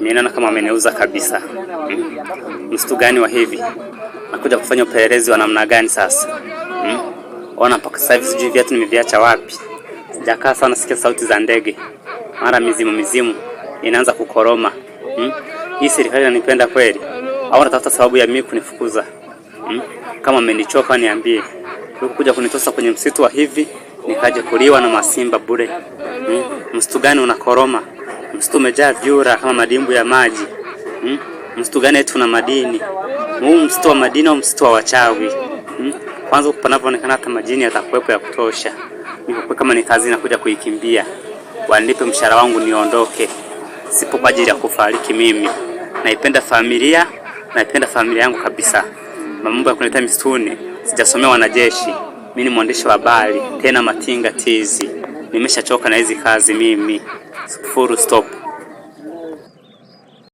Mimi naona kama ameniuza kabisa. Hmm. Mstu gani wa hivi? Nakuja kufanya upelelezi wa namna gani sasa? Mm. Ona mpaka sasa hivi sijui viatu nimeviacha wapi. Sijakaa sana, sikia sauti za ndege. Mara mizimu mizimu inaanza kukoroma. Mm. Hii serikali inanipenda kweli. Au natafuta sababu ya mimi kunifukuza. Hmm? Kama amenichoka niambie. Huko kuja kunitosa kwenye msitu wa hivi nikaje kuliwa na masimba bure. Hmm? Mstu gani unakoroma? msitu umejaa vyura kama madimbu ya maji hmm? Msitu gani tuna madini? Huu msitu wa madini au msitu wa wachawi hmm? Kwanza kupanapoonekana hata majini yatakuwepo ya kutosha. Niko kama ni kazi nakuja kuikimbia, wanipe mshahara wangu niondoke. Sipo kwa ajili ya kufariki mimi. Naipenda familia, naipenda familia yangu kabisa. Mambo ya kunileta msituni, sijasomea wanajeshi. Mimi ni mwandishi wa habari, tena Matinga Tizi. Nimeshachoka na hizi kazi mimi. full stop